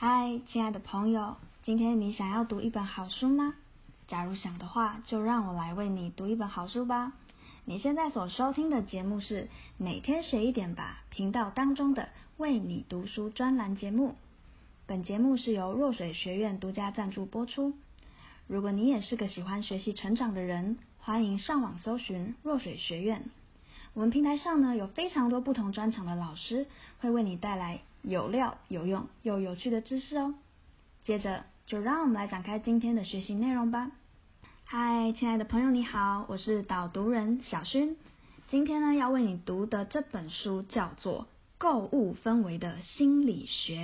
嗨，親愛的朋友，今天你想要讀一本好書嗎？假如想的話，就讓我來為你讀一本好書吧。你現在所收聽的節目是《每天學一點吧》頻道當中的“為你讀書”專欄節目。本節目是由若水學院獨家贊助播出。如果你也是個喜歡學習成長的人，歡迎上網搜尋若水學院。我們平台上呢，有非常多不同專長的老師會為你帶來。有料、有用又有，有趣的知識哦！接着就讓我們來展開今天的學習內容吧。嗨，親愛的朋友你好，我是導讀人小薰。今天呢，要為你讀的這本書叫做《購物氛圍的心理學》，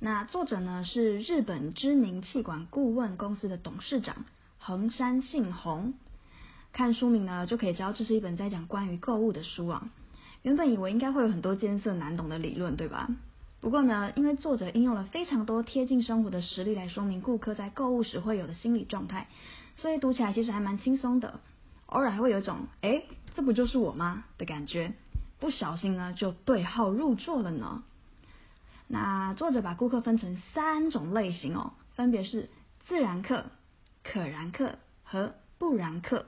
那作者呢是日本知名企管顧問公司的董事長橫山信宏。看書名呢就可以知道這是一本在講關於購物的書啊。原本以為應該會有很多艱澀難懂的理論，對吧？不過呢，因為作者應用了非常多貼近生活的實例來說明顧客在購物時會有的心理狀態，所以讀起來其實還蠻輕鬆的。偶爾還會有一種，誒，這不就是我嗎？的感覺。不小心呢就對號入座了呢。那作者把顧客分成三種類型哦，分別是自然客、可燃客和不燃客。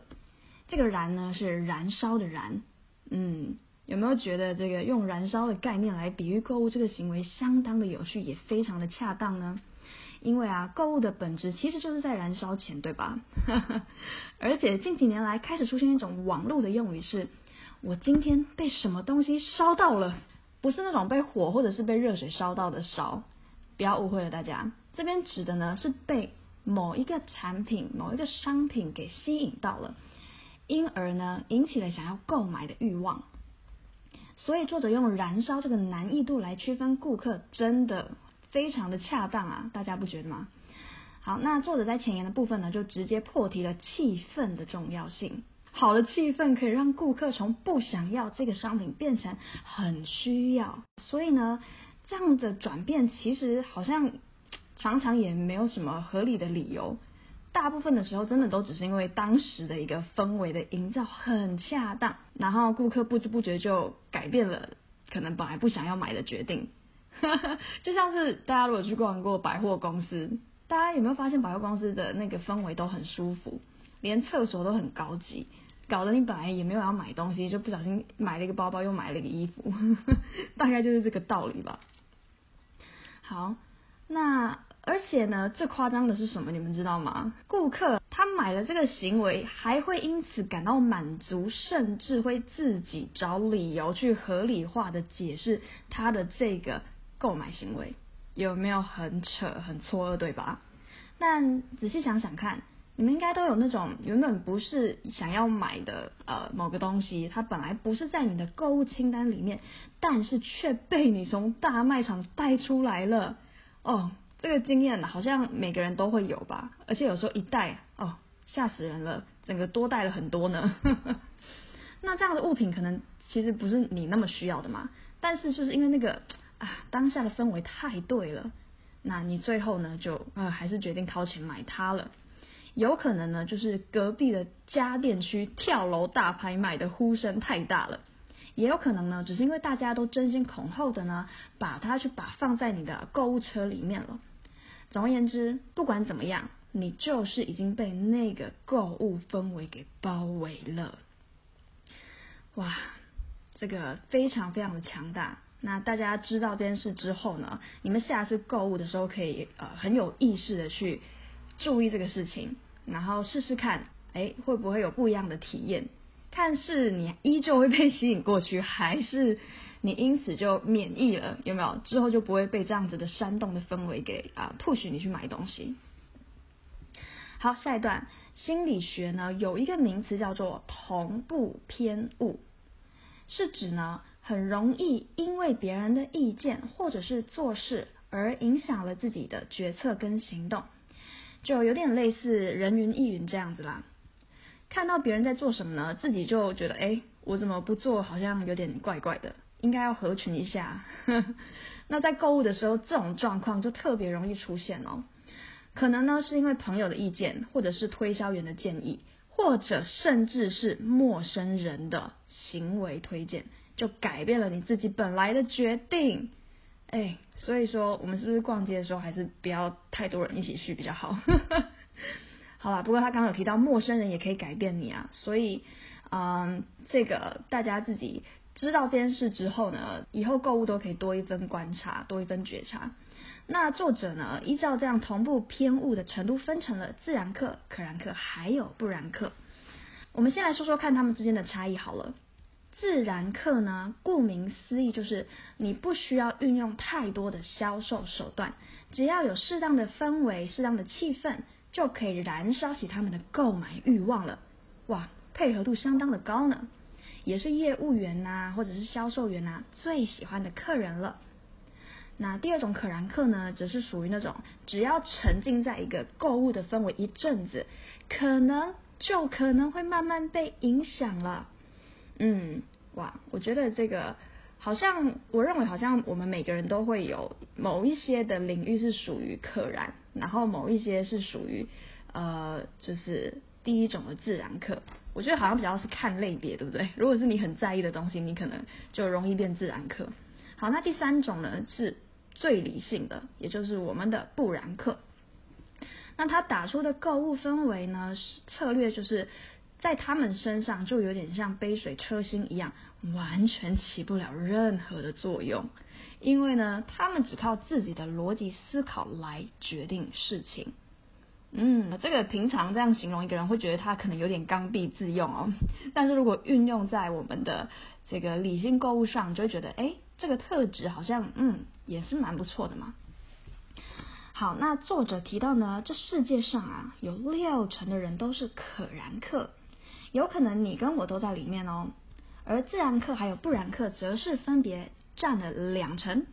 這個燃呢是燃燒的燃，嗯。有沒有覺得這個用燃燒的概念來比喻購物這個行為相當的有趣，也非常的恰當呢？因為啊，購物的本質其實就是在燃燒錢，對吧？ 而且近幾年來開始出現一種網絡的用語，是我今天被什麼東西燒到了，不是那種被火或者是被熱水燒到的燒，不要誤會了大家，這邊指的呢是被某一個產品、某一個商品給吸引到了，因而呢引起了想要購買的欲望。所以作者用燃燒這個難易度來區分顧客，真的非常的恰當啊，大家不覺得嗎？好，那作者在前言的部分呢，就直接破題了氣氛的重要性。好的氣氛可以讓顧客從不想要這個商品變成很需要，所以呢，這樣的轉變其實好像常常也沒有什麼合理的理由。大部分的時候，真的都只是因為當時的一個氛圍的營造很恰當，然後顧客不知不覺就改變了可能本來不想要買的決定。 就像是大家如果去逛過百貨公司，大家有沒有發現百貨公司的那個氛圍都很舒服，連廁所都很高級，搞得你本來也沒有要買東西，就不小心買了一個包包，又買了一個衣服。 大概就是這個道理吧。好，那。而且呢，最誇張的是什麼？你們知道嗎？顧客他買了這個行為，還會因此感到滿足，甚至會自己找理由去合理化的解釋他的這個購買行為，有沒有很扯、很錯愕，對吧？但仔細想想看，你們應該都有那種原本不是想要買的，呃，某個東西，它本來不是在你的購物清單裡面，但是卻被你從大賣場帶出來了，哦。這個經驗呢，好像每個人都會有吧，而且有時候一帶哦，嚇死人了，整個多帶了很多呢。 那這樣的物品可能其實不是你那麼需要的嘛，但是就是因為那個啊，當下的氛圍太對了，那你最後呢就呃、啊、還是決定掏錢買它了。有可能呢就是隔壁的家電區跳樓大拍賣的呼聲太大了，也有可能呢只是因為大家都爭先恐後的呢把它去把放在你的購物車裡面了。總而言之，不管怎麼樣，你就是已經被那個購物氛圍給包圍了。哇，這個非常非常的強大。那大家知道這件事之後呢，你們下次購物的時候可以呃很有意識的去注意這個事情，然後試試看，哎、欸，會不會有不一樣的體驗？看是你依舊會被吸引過去？還是？你因此就免疫了，有沒有？之後就不會被這樣子的煽動的氛圍給啊 push 你去買東西。好，下一段心理學呢，有一個名詞叫做同步偏誤，是指呢，很容易因為別人的意見或者是做事而影響了自己的決策跟行動，就有點類似人云亦云這樣子啦。看到別人在做什麼呢，自己就覺得哎、欸，我怎麼不做？好像有點怪怪的。應該要合群一下， 那在購物的時候，這種狀況就特別容易出現哦。可能呢，是因為朋友的意見，或者是推銷員的建議，或者甚至是陌生人的行為推薦，就改變了你自己本來的決定。欸，所以說，我們是不是逛街的時候還是不要太多人一起去比較好？ 好啦，不過他剛剛有提到陌生人也可以改變你啊，所以，嗯，這個大家自己。知道這件事之後呢，以後購物都可以多一分觀察，多一分覺察。那作者呢，依照這樣同步偏物的程度，分成了自燃客、可燃客，還有不燃客。我們先來說說看他們之間的差異好了。自燃客呢，顧名思義就是你不需要運用太多的銷售手段，只要有適當的氛圍、適當的氣氛，就可以燃燒起他們的購買慾望了。哇，配合度相當的高呢。也是業務員啊，或者是銷售員啊，最喜歡的客人了。那第二種可燃客呢，則是屬於那種只要沉浸在一個購物的氛圍一陣子，可能就可能會慢慢被影響了。嗯，哇，我覺得這個好像，我認為好像我們每個人都會有某一些的領域是屬於可燃，然後某一些是屬於呃，就是第一種的自然客。我覺得好像比較是看類別，對不對？如果是你很在意的東西，你可能就容易變自燃客。好，那第三種呢是最理性的，也就是我們的不燃客。那他打出的購物氛圍呢策略，就是在他們身上就有點像杯水車薪一樣，完全起不了任何的作用，因為呢，他們只靠自己的邏輯思考來決定事情。嗯，這個平常這樣形容一個人，會覺得他可能有點剛愎自用哦。但是如果運用在我們的這個理性購物上，就會覺得，哎，這個特質好像，嗯，也是蠻不錯的嘛。好，那作者提到呢，這世界上啊有六成的人都是可燃客，有可能你跟我都在裡面哦。而自燃客還有不燃客，則是分別佔了兩成。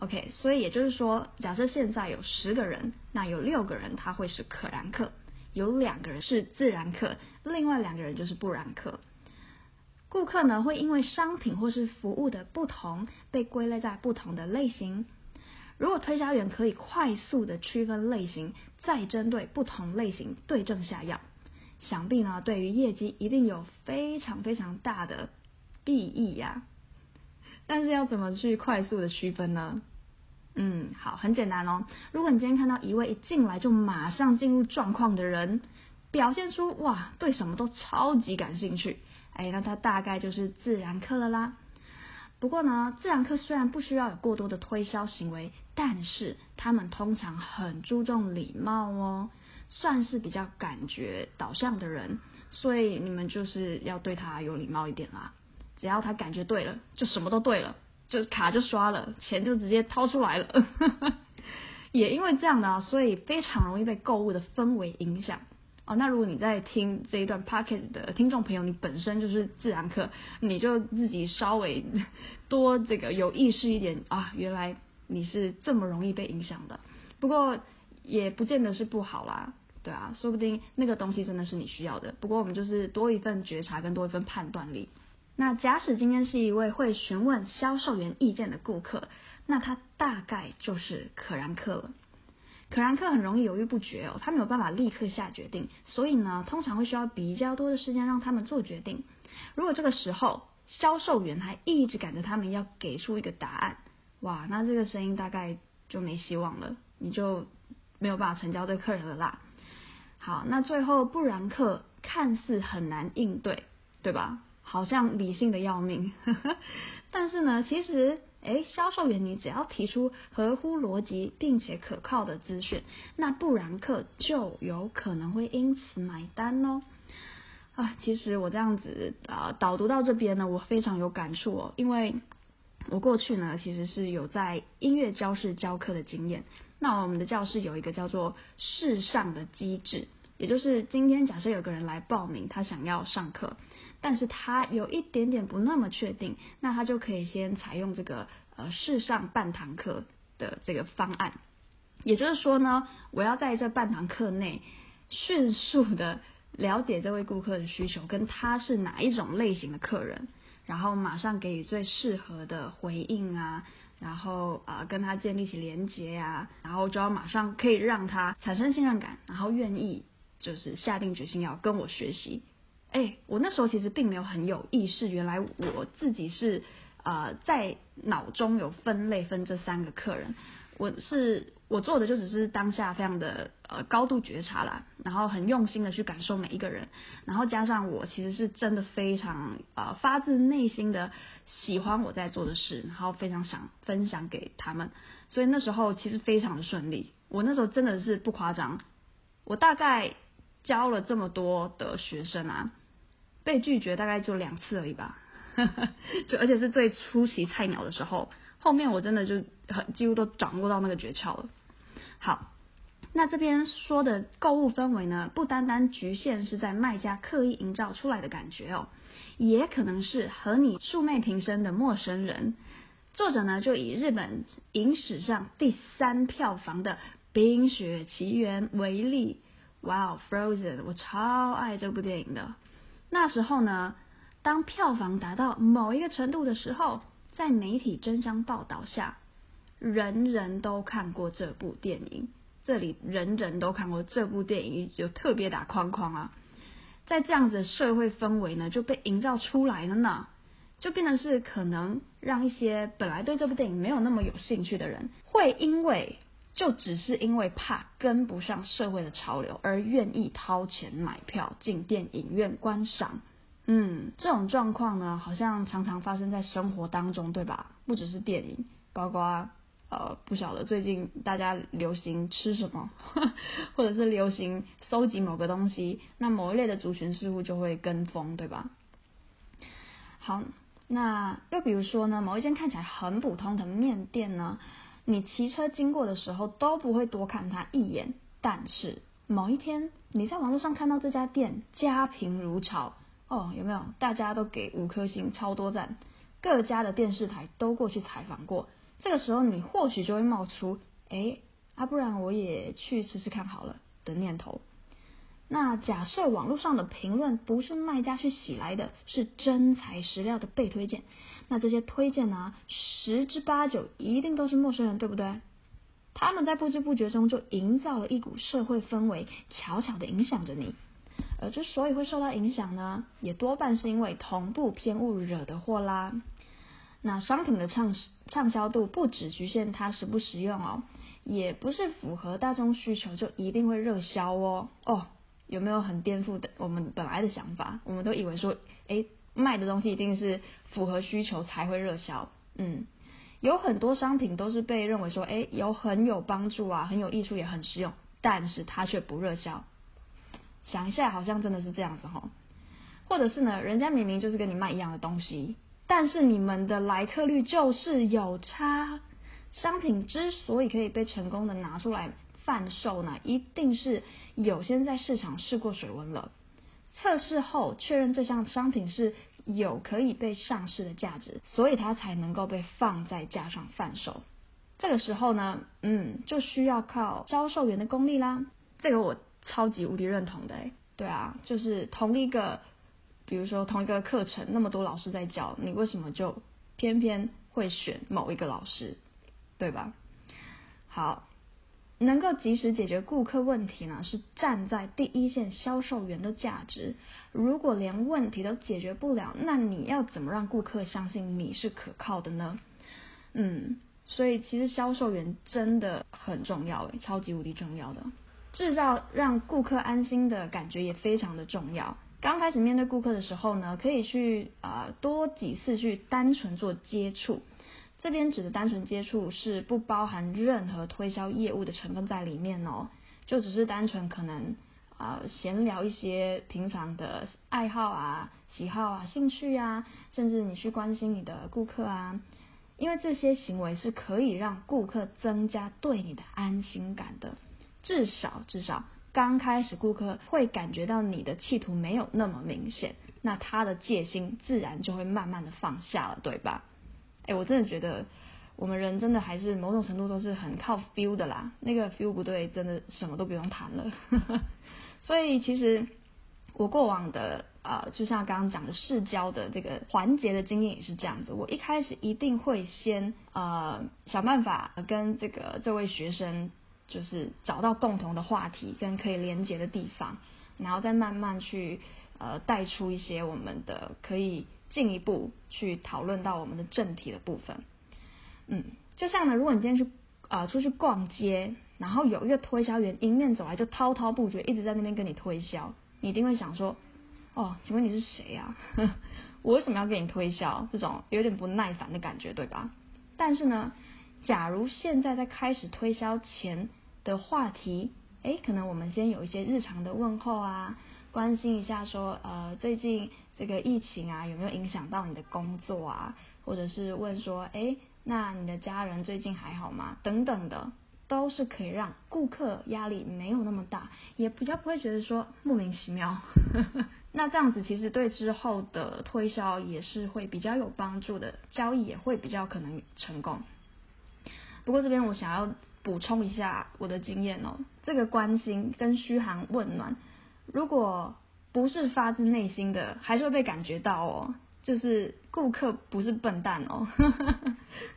OK，所以也就是說，假設現在有十個人，那有六個人他會是可燃客，有兩個人是自燃客，另外兩個人就是不燃客。顧客呢，會因為商品或是服務的不同被歸類在不同的類型。如果推銷員可以快速的區分類型，再針對不同類型對症下藥，想必呢對於業績一定有非常非常大的裨益呀。但是要怎麼去快速的區分呢？嗯，好，很簡單哦。如果你今天看到一位一進來就馬上進入狀況的人，表現出哇對什麼都超級感興趣，哎，那他大概就是自然客了啦。不過呢，自然客雖然不需要有過多的推銷行為，但是他們通常很注重禮貌哦，算是比較感覺導向的人，所以你們就是要對他有禮貌一點啦。只要他感覺對了，就什麼都對了，就卡就刷了，錢就直接掏出來了。 也因為這樣的啊，所以非常容易被購物的氛圍影響。哦，那如果你在聽這一段 podcast 的聽眾朋友，你本身就是自燃咖，你就自己稍微多這個有意識一點啊，原來你是這麼容易被影響的。不過也不見得是不好啦，對啊，說不定那個東西真的是你需要的。不過我們就是多一份覺察，跟多一份判斷力。那假使今天是一位會詢問銷售員意見的顧客，那他大概就是可燃客了。可燃客很容易猶豫不決哦，他沒有辦法立刻下決定，所以呢，通常會需要比較多的時間讓他們做決定。如果這個時候銷售員還一直趕着他們要給出一個答案，哇，那這個生意大概就沒希望了，你就沒有辦法成交對客人了啦。好，那最後不燃客看似很難應對，對吧？好像理性的要命，呵呵，但是呢，其實哎，銷售員你只要提出合乎邏輯並且可靠的資訊，那不然客就有可能會因此買單哦。啊，其實我這樣子啊，呃，導讀到這邊呢，我非常有感觸哦，因為我過去呢其實是有在音樂教室教課的經驗，那我們的教室有一個叫做試上的機制，也就是今天假設有個人來報名，他想要上課。但是他有一點點不那麼確定，那他就可以先採用這個呃試上半堂課的這個方案，也就是說呢，我要在這半堂課內迅速的了解這位顧客的需求，跟他是哪一種類型的客人，然後馬上給予最適合的回應啊，然後啊，呃，跟他建立起連接呀，啊，然後就要馬上可以讓他產生信任感，然後願意就是下定決心要跟我學習。哎、欸，我那時候其實並沒有很有意識，原來我，我自己是呃在腦中有分類，分這三個客人，我是我做的就只是當下非常的呃高度覺察啦，然後很用心的去感受每一個人，然後加上我其實是真的非常呃發自內心的喜歡我在做的事，然後非常想分享給他們，所以那時候其實非常的順利，我那時候真的是不誇張，我大概教了這麼多的學生啊。被拒絕大概就兩次而已吧。 就而且是最初期菜鳥的時候，後面我真的就很幾乎都掌握到那個訣竅了。好，那這邊說的購物氛圍呢，不單單局限是在賣家刻意營造出來的感覺哦，也可能是和你素昧平生的陌生人。作者呢就以日本影史上第三票房的《冰雪奇緣》為例，哇、wow, 哦，Frozen，我超愛這部電影的。那時候呢，當票房達到某一個程度的時候，在媒體爭相報道下，人人都看過這部電影。這裡人人都看過這部電影，有特別打框框啊。在這樣子的社會氛圍呢，就被營造出來了呢，就變成是可能讓一些本來對這部電影沒有那麼有興趣的人，會因為，就只是因為怕跟不上社會的潮流而願意掏錢買票進電影院觀賞，嗯，這種狀況呢，好像常常發生在生活當中，對吧？不只是電影，包括呃，不曉得最近大家流行吃什麼，呵呵或者是流行搜集某個東西，那某一類的族群似乎就會跟風，對吧？好，那又比如說呢，某一間看起來很普通的麵店呢？你騎車經過的時候都不會多看他一眼，但是某一天你在網絡上看到這家店家評如潮，哦，有沒有？大家都給五顆星，超多讚，各家的電視台都過去採訪過，這個時候你或許就會冒出，哎、欸，啊，不然我也去試試看好了的念頭。那假設網絡上的評論不是賣家去洗來的，是真材實料的被推薦，那這些推薦呢、啊，十之八九一定都是陌生人，對不對？他們在不知不覺中就營造了一股社會氛圍，悄悄地影響着你。而之所以會受到影響呢，也多半是因為同步偏誤惹的禍啦。那商品的暢暢銷度不只局限它實不實用哦，也不是符合大眾需求就一定會熱銷哦哦。有沒有很顛覆的我們本來的想法？我們都以為說，欸，賣的東西一定是符合需求才會熱銷。嗯，有很多商品都是被認為說，欸，有很有幫助啊，很有益處也很實用，但是它卻不熱銷。想一下，好像真的是這樣子哦，或者是呢，人家明明就是跟你賣一樣的東西，但是你們的來客率就是有差。商品之所以可以被成功的拿出來。販售呢，一定是有先在市場試過水溫了，測試後確認這項商品是有可以被上市的價值，所以它才能夠被放在架上販售。這個時候呢，嗯，就需要靠銷售員的功力啦。這個我超級無敵認同的，欸，對啊，就是同一個，比如說同一個課程，那麼多老師在教，你為什麼就偏偏會選某一個老師，對吧？好。能夠及時解決顧客問題呢，是站在第一線銷售員的價值。如果連問題都解決不了，那你要怎麼讓顧客相信你是可靠的呢？嗯，所以其實銷售員真的很重要誒，超級無敵重要的，制造讓顧客安心的感覺也非常的重要。剛開始面對顧客的時候呢，可以去啊、呃、多幾次去單純做接觸。這邊指的單純接觸是不包含任何推銷業務的成分在裡面哦，就只是單純可能啊、呃、閒聊一些平常的愛好啊、喜好啊、興趣啊，甚至你去關心你的顧客啊，因為這些行為是可以讓顧客增加對你的安心感的，至少至少剛開始顧客會感覺到你的企圖沒有那麼明顯，那他的戒心自然就會慢慢的放下了，對吧？哎，我真的覺得我們人真的還是某種程度都是很靠 feel 的啦，那個 feel 不對，真的什麼都不用談了。 所以其實我過往的呃，就像剛剛講的試教的這個環節的經驗也是這樣子，我一開始一定會先呃想辦法跟這個這位學生就是找到共同的話題跟可以連接的地方，然後再慢慢去呃帶出一些我們的可以。進一步去討論到我們的正題的部分，嗯，就像呢，如果你今天去呃出去逛街，然後有一個推銷員迎面走來就滔滔不絕，一直在那邊跟你推銷，你一定會想說，哦，請問你是誰呀，呵？我為什麼要給你推銷？這種有點不耐煩的感覺，對吧？但是呢，假如現在在開始推銷前的話題，哎，可能我們先有一些日常的問候啊，關心一下說，呃，最近。這個疫情啊，有沒有影響到你的工作啊？或者是問說，誒，那你的家人最近還好嗎？等等的，都是可以讓顧客壓力沒有那麼大，也比較不會覺得說莫名其妙。 那這樣子其實對之後的推銷也是會比較有幫助的，交易也會比較可能成功。不過這邊我想要補充一下我的經驗哦，這個關心跟噓寒問暖，如果。不是發自內心的，還是會被感覺到哦。就是顧客不是笨蛋哦，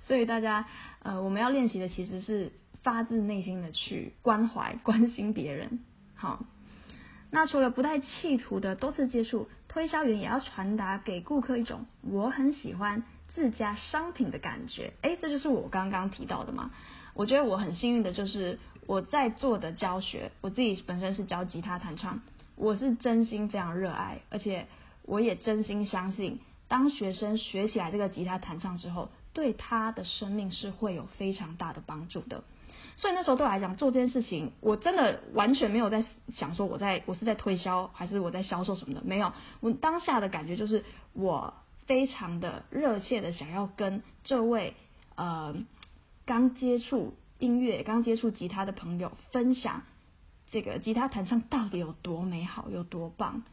所以大家呃，我們要練習的其實是發自內心的去關懷、關心別人。好，那除了不帶企圖的多次接觸，推銷員也要傳達給顧客一種我很喜歡自家商品的感覺。哎、欸，這就是我剛剛提到的嘛。我覺得我很幸運的就是我在做的教學，我自己本身是教吉他彈唱。我是真心非常熱愛，而且我也真心相信，當學生學起來這個吉他彈唱之後，對他的生命是會有非常大的幫助的。所以那時候對我來講，做這件事情，我真的完全沒有在想說，我在我是在推銷還是我在銷售什麼的，沒有。我當下的感覺就是，我非常的熱切的想要跟這位呃剛接觸音樂、剛接觸吉他的朋友分享。這個吉他彈唱到底有多美好，有多棒？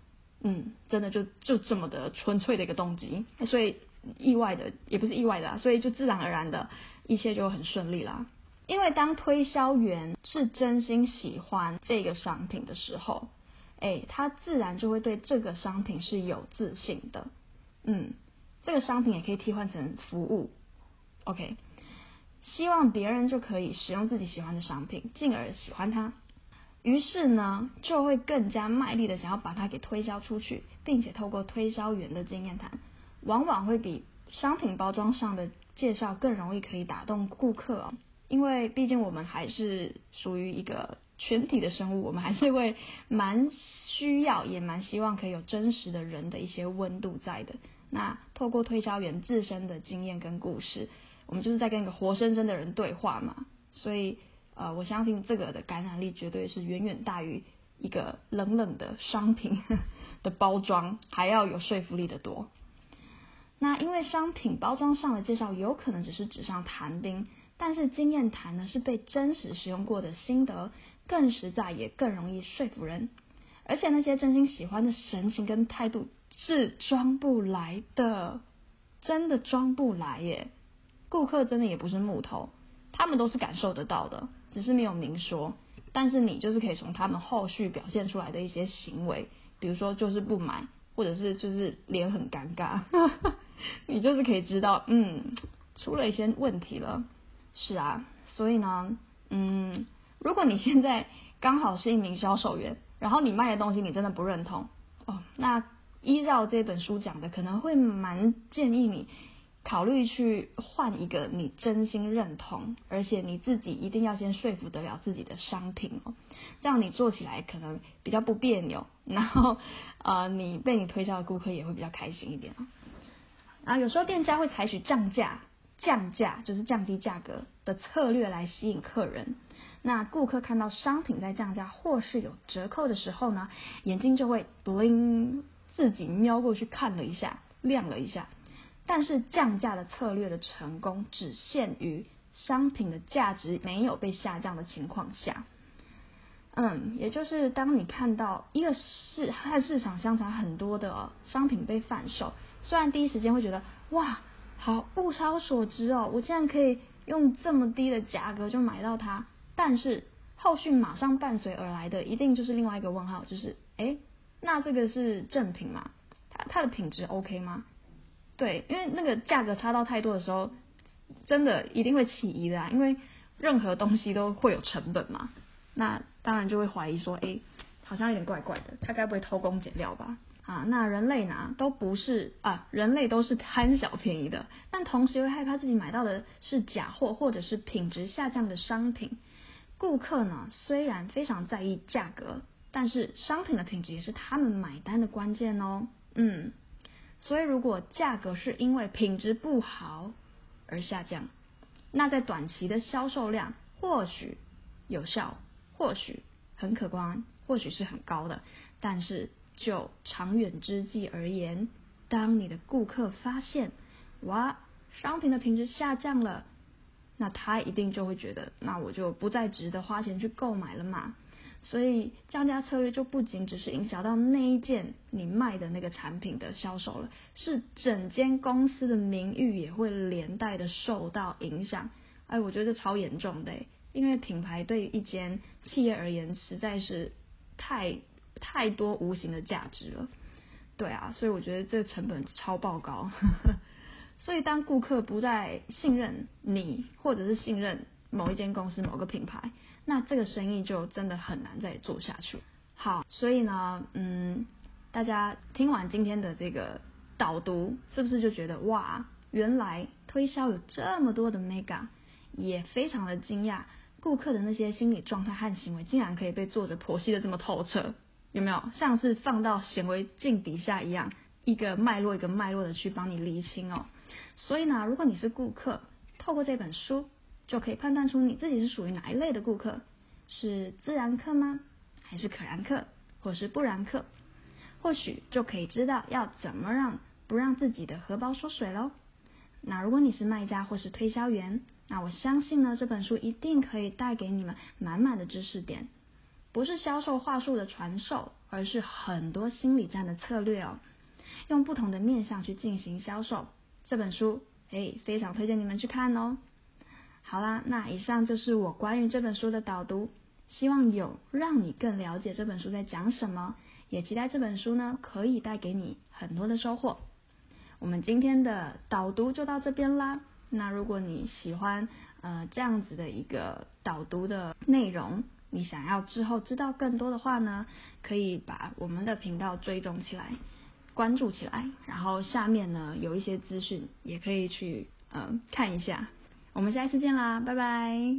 嗯，真的就就這麼的純粹的一個動機，所以意外的也不是意外的啦，所以就自然而然的一切就很順利啦。因為當推銷員是真心喜歡這個商品的時候，哎、欸，他自然就會對這個商品是有自信的。嗯，這個商品也可以替換成服務。OK，希望別人就可以使用自己喜歡的商品，進而喜歡它。於是呢，就會更加賣力的想要把它給推銷出去，並且透過推銷員的經驗談，往往會比商品包裝上的介紹更容易可以打動顧客哦。因為畢竟我們還是屬於一個群體的生物，我們還是會蠻需要，也蠻希望可以有真實的人的一些溫度在的。那透過推銷員自身的經驗跟故事，我們就是在跟一個活生生的人對話嘛，所以。呃，我相信這個的感染力絕對是遠遠大於一個冷冷的商品的包裝，還要有說服力的多。那因為商品包裝上的介紹有可能只是紙上談兵，但是經驗談呢，是被真實使用過的心得，更實在也更容易說服人。而且那些真心喜歡的神情跟態度是裝不來的，真的裝不來耶。顧客真的也不是木頭，他們都是感受得到的。只是沒有明說，但是你就是可以從他們後續表現出來的一些行為，比如說就是不買，或者是就是臉很尷尬，呵呵，你就是可以知道，嗯，出了一些問題了。是啊，所以呢，嗯，如果你現在剛好是一名銷售員，然後你賣的東西你真的不認同，哦，那依照這本書講的，可能會蠻建議你。考慮去換一個你真心認同，而且你自己一定要先說服得了自己的商品哦，這樣你做起來可能比較不彆扭，然後，呃，你被你推銷的顧客也會比較開心一點啊、哦。啊，有時候店家會採取降價，降價就是降低價格的策略來吸引客人。那顧客看到商品在降價或是有折扣的時候呢，眼睛就會 bling，自己瞄過去看了一下，亮了一下。但是降價的策略的成功，只限於商品的價值沒有被下降的情況下。嗯，也就是當你看到一個市和市場相差很多的商品被販售，雖然第一時間會覺得哇，好物超所值哦，我竟然可以用這麼低的價格就買到它，但是後續馬上伴隨而來的，一定就是另外一個問號，就是誒、欸，那這個是正品嗎？它，它的品質 OK 嗎？對，因為那個價格差到太多的時候，真的一定會起疑的啊！因為任何東西都會有成本嘛，那當然就會懷疑說，哎，好像有點怪怪的，他該不會偷工減料吧？啊，那人類呢，都不是啊，人類都是貪小便宜的，但同時又害怕自己買到的是假貨或者是品質下降的商品。顧客呢，雖然非常在意價格，但是商品的品質也是他們買單的關鍵哦，嗯。所以，如果價格是因為品質不好而下降，那在短期的銷售量或許有效，或許很可觀，或許是很高的。但是就長遠之計而言，當你的顧客發現哇，商品的品質下降了，那他一定就會覺得，那我就不再值得花錢去購買了嘛。所以降價策略就不僅只是影響到那一件你賣的那個產品的銷售了，是整間公司的名譽也會連帶的受到影響。哎，我覺得這超嚴重的，因為品牌對於一間企業而言實在是太太多無形的價值了。對啊，所以我覺得這成本超爆高。 所以當顧客不再信任你，或者是信任。某一間公司、某個品牌，那這個生意就真的很難再做下去。好，所以呢，嗯，大家聽完今天的這個導讀，是不是就覺得哇，原來推銷有這麼多的 Mega，也非常的驚訝，顧客的那些心理狀態和行為，竟然可以被作者剖析的這麼透徹，有沒有？像是放到顯微鏡底下一樣，一個脈絡一個脈絡的去幫你理清哦。所以呢，如果你是顧客，透過這本書。就可以判斷出你自己是屬於哪一類的顧客，是自燃客嗎？還是可燃客，或是不燃客？或許就可以知道要怎麼讓不讓自己的荷包縮水嘍。那如果你是賣家或是推銷員，那我相信呢這本書一定可以帶給你們滿滿的知識點，不是銷售話術的傳授，而是很多心理戰的策略哦。用不同的面向去進行銷售，這本書誒，非常推薦你們去看哦。好啦，那以上就是我關於這本書的導讀，希望有讓你更了解這本書在講什麼，也期待這本書呢可以帶給你很多的收穫。我們今天的導讀就到這邊啦。那如果你喜歡呃這樣子的一個導讀的內容，你想要之後知道更多的話呢，可以把我們的頻道追蹤起來，關注起來，然後下面呢有一些資訊也可以去呃看一下。我們下期見啦，拜拜。